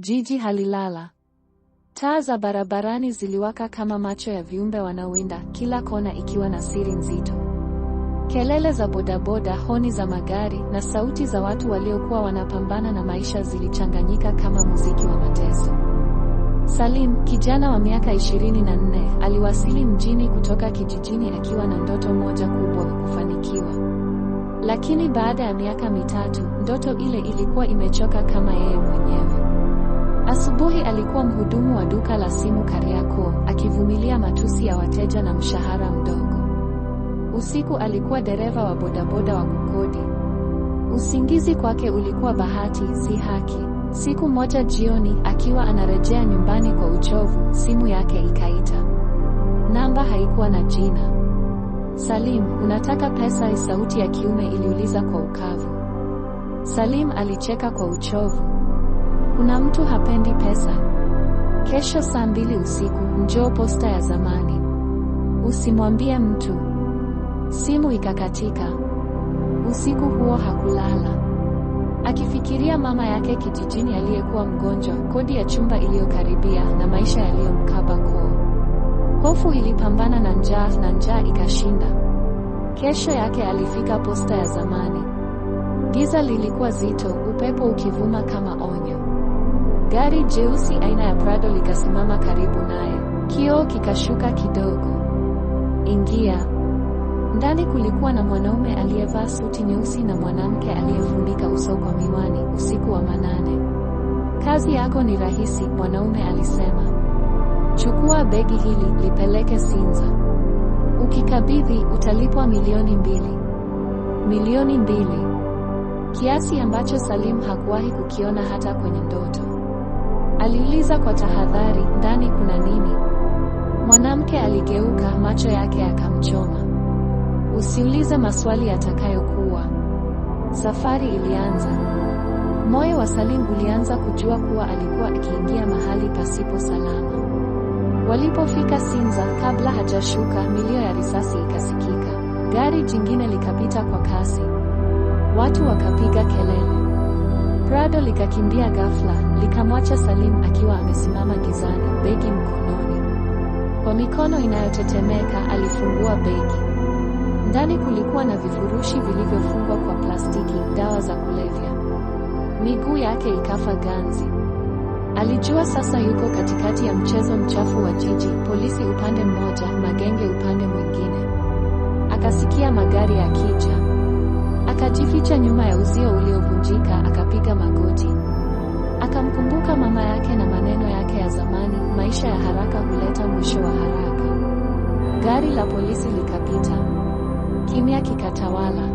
Jiji halilala. Taa za barabarani ziliwaka kama macho ya viumbe wanaowinda, kila kona ikiwa na siri nzito. Kelele za bodaboda, honi za magari na sauti za watu waliokuwa wanapambana na maisha zilichanganyika kama muziki wa mateso. Salim, kijana wa miaka 24, aliwasili mjini kutoka kijijini akiwa na ndoto moja kubwa, kufanikiwa. Lakini baada ya miaka mitatu, ndoto ile ilikuwa imechoka kama yeye mwenyewe. Asubuhi alikuwa mhudumu wa duka la simu Kariakoo, akivumilia matusi ya wateja na mshahara mdogo. Usiku alikuwa dereva wa bodaboda wa kukodi. Usingizi kwake ulikuwa bahati, si haki. Siku moja jioni, akiwa anarejea nyumbani kwa uchovu, simu yake ikaita. Namba haikuwa na jina. Salim, unataka pesa? Sauti ya kiume iliuliza kwa ukavu. Salim alicheka kwa uchovu. Kuna mtu hapendi pesa. Kesho saa mbili usiku njoo posta ya zamani. Usimwambie mtu. Simu ikakatika. Usiku huo hakulala. Akifikiria mama yake kijijini aliyekuwa mgonjwa, kodi ya chumba iliyokaribia na maisha yaliyomkaba koo. Hofu ilipambana na njaa na njaa ikashinda. Kesho yake alifika posta ya zamani. Giza lilikuwa zito, upepo ukivuma kama onyo. Gari jeusi aina ya Prado likasimama karibu naye, kioo kikashuka kidogo. Ingia. Ndani kulikuwa na mwanaume aliyevaa suti nyeusi na mwanamke aliyefunika uso kwa miwani, usiku wa manane. Kazi yako ni rahisi, mwanaume alisema. Chukua begi hili, lipeleke Sinza. Ukikabidhi utalipwa milioni mbili. Milioni mbili. Kiasi ambacho Salim hakuwahi kukiona hata kwenye ndoto aliuliza kwa tahadhari, ndani kuna nini? Mwanamke aligeuka, macho yake yakamchoma. Usiulize maswali yatakayokuwa. Safari ilianza. Moyo wa Salim ulianza kujua kuwa alikuwa akiingia mahali pasipo salama. Walipofika Sinza, kabla hajashuka, milio ya risasi ikasikika. Gari jingine likapita kwa kasi, watu wakapiga kelele. Prado likakimbia ghafla, likamwacha Salim akiwa amesimama gizani, begi mkononi. Kwa mikono inayotetemeka alifungua begi. Ndani kulikuwa na vifurushi vilivyofungwa kwa plastiki, dawa za kulevya. Miguu yake ikafa ganzi. Alijua sasa yuko katikati ya mchezo mchafu wa jiji, polisi upande mmoja, magenge upande mwingine. Akasikia magari yakija. Akajificha nyuma ya uzio uliovunjika, akapiga magoti. Akamkumbuka mama yake na maneno yake ya zamani, maisha ya haraka huleta mwisho wa haraka. Gari la polisi likapita. Kimya kikatawala.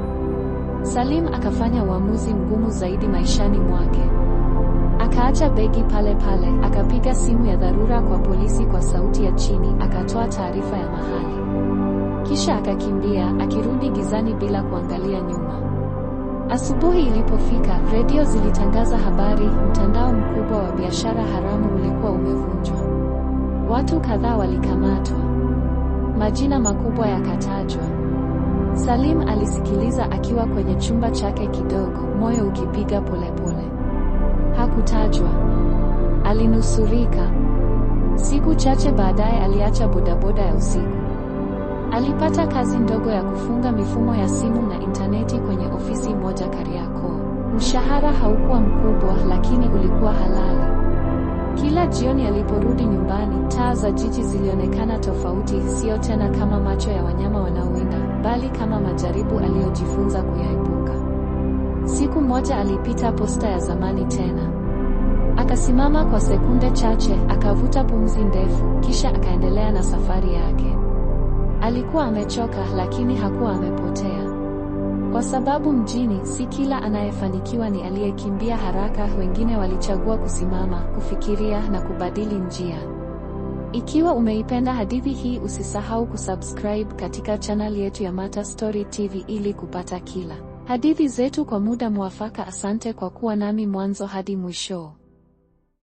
Salim akafanya uamuzi mgumu zaidi maishani mwake. Akaacha begi pale pale, akapiga simu ya dharura kwa polisi kwa sauti ya chini, akatoa taarifa ya mahali. Kisha akakimbia akirudi gizani bila kuangalia nyuma. Asubuhi ilipofika, redio zilitangaza habari, mtandao mkubwa wa biashara haramu ulikuwa umevunjwa. Watu kadhaa walikamatwa. Majina makubwa yakatajwa. Salim alisikiliza akiwa kwenye chumba chake kidogo, moyo ukipiga polepole. Hakutajwa. Alinusurika. Siku chache baadaye aliacha bodaboda ya usiku. Alipata kazi ndogo ya kufunga mifumo ya simu na intaneti kwenye ofisi moja Kariakoo. Mshahara haukuwa mkubwa, lakini ulikuwa halali. Kila jioni aliporudi nyumbani, taa za jiji zilionekana tofauti, sio tena kama macho ya wanyama wanaowinda, bali kama majaribu aliyojifunza kuyaepuka. Siku moja alipita posta ya zamani tena. Akasimama kwa sekunde chache, akavuta pumzi ndefu, kisha akaendelea na safari yake. Alikuwa amechoka lakini hakuwa amepotea. Kwa sababu mjini si kila anayefanikiwa ni aliyekimbia haraka, wengine walichagua kusimama, kufikiria na kubadili njia. Ikiwa umeipenda hadithi hii, usisahau kusubscribe katika channel yetu ya Mata Story TV ili kupata kila hadithi zetu kwa muda mwafaka. Asante kwa kuwa nami mwanzo hadi mwisho.